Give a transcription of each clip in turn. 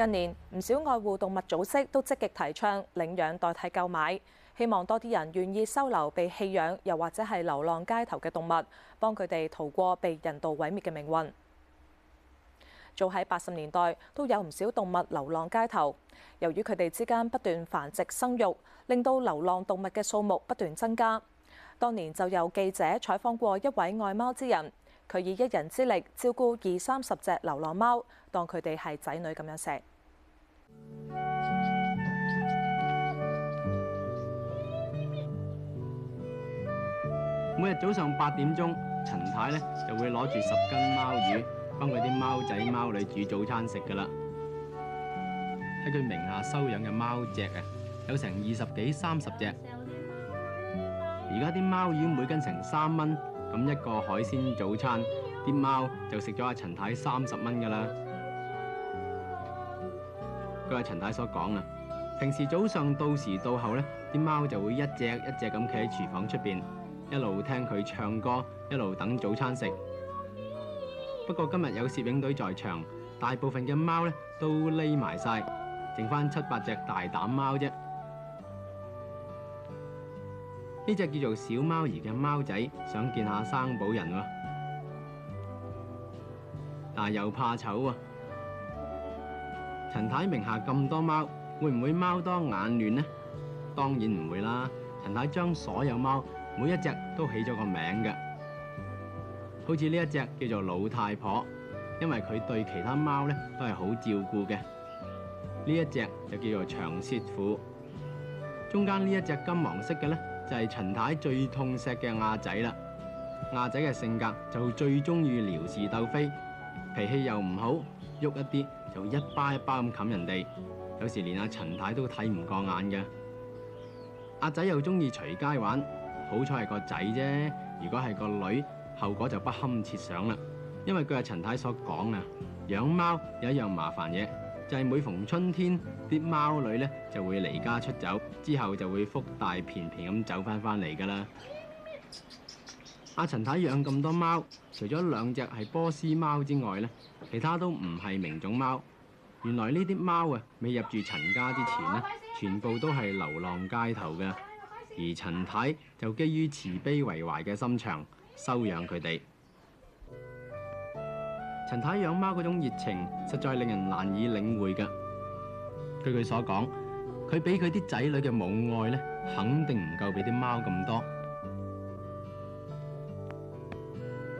近年唔少愛護動物組織都積極提倡領養代替購買，希望多啲人願意收留被棄養又或者係流浪街頭嘅動物，幫佢哋逃過被人道毀滅嘅命運。早喺八十年代都有唔少動物流浪街頭，由於佢哋之間不斷繁殖生育，令到流浪動物嘅數目不斷增加。當年就有記者採訪過一位愛貓之人，佢以一人之力照顧二三十隻流浪貓。當佢哋係仔女咁樣食。每日早上八點鐘，陳太咧就會攞住十斤貓魚，幫佢啲貓仔貓女煮早餐食㗎啦。喺佢名下收養嘅貓隻啊，有成二十幾三十隻。而家啲貓魚每斤成三蚊，咁一個海鮮早餐，啲貓就食咗阿陳太三十蚊㗎啦。據陳太所講啦，平時早上到時到候，呢啲貓就會一隻一隻咁企喺廚房出邊，一路聽佢唱歌，一路等早餐食。不過今日有攝影隊在場，大部分嘅貓呢都匿埋晒，剩翻七八隻大膽貓啫。呢隻叫做小貓兒嘅貓仔想見一下生保人喎，但又怕醜啊！陳太名下咁多貓，會唔會貓多眼亂呢？當然唔會啦。陳太將所有貓，每一隻都起咗個名㗎。好似呢一隻叫做老太婆，因為佢對其他貓咧都係好照顧嘅。呢一隻就叫做長舌虎。中間呢一隻金黃色嘅咧，就係陳太最痛錫嘅阿仔啦。阿仔嘅性格就最中意撩事鬥非，脾氣又唔好。喐一啲就一巴一巴咁冚人哋，有時連阿陳太都睇唔過眼嘅。阿仔又中意隨街玩，好彩係個仔啫。如果係個女，後果就不堪設想啦。因為據阿陳太所講啊，養貓有一樣麻煩嘢，就係每逢春天啲貓女呢就會離家出走，之後就會福大便便咁走翻返嚟㗎啦。阿陳太養咁多貓，除咗兩隻係波斯貓之外咧，其他都唔係名種貓。原來呢啲貓啊，未入住陳家之前咧，全部都係流浪街頭嘅。而陳太就基於慈悲為懷嘅心腸，收養佢哋。陳太養貓嗰種熱情，實在令人難以領會嘅。據佢所講，佢俾佢啲仔女嘅母愛咧，肯定唔夠俾啲貓咁多。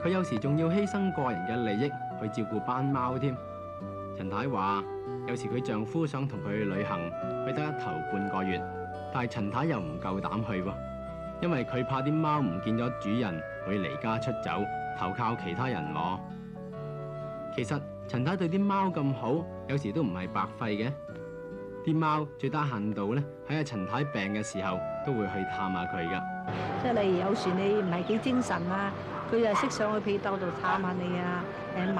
佢有時仲要犧牲個人嘅利益去照顧班貓添。陳太話，有時佢丈夫想同佢去旅行，去得一頭半個月，但係陳太又唔夠膽去喎，因為佢怕啲貓唔見咗主人會離家出走，投靠其他人攞。其實陳太對啲貓咁好，有時都唔係白費嘅。啲貓最低限度咧，喺阿陳太病嘅時候都會去探下佢噶。即係例如有時你唔係幾精神啊。佢就識上去被竇度探下你啊，誒、嗯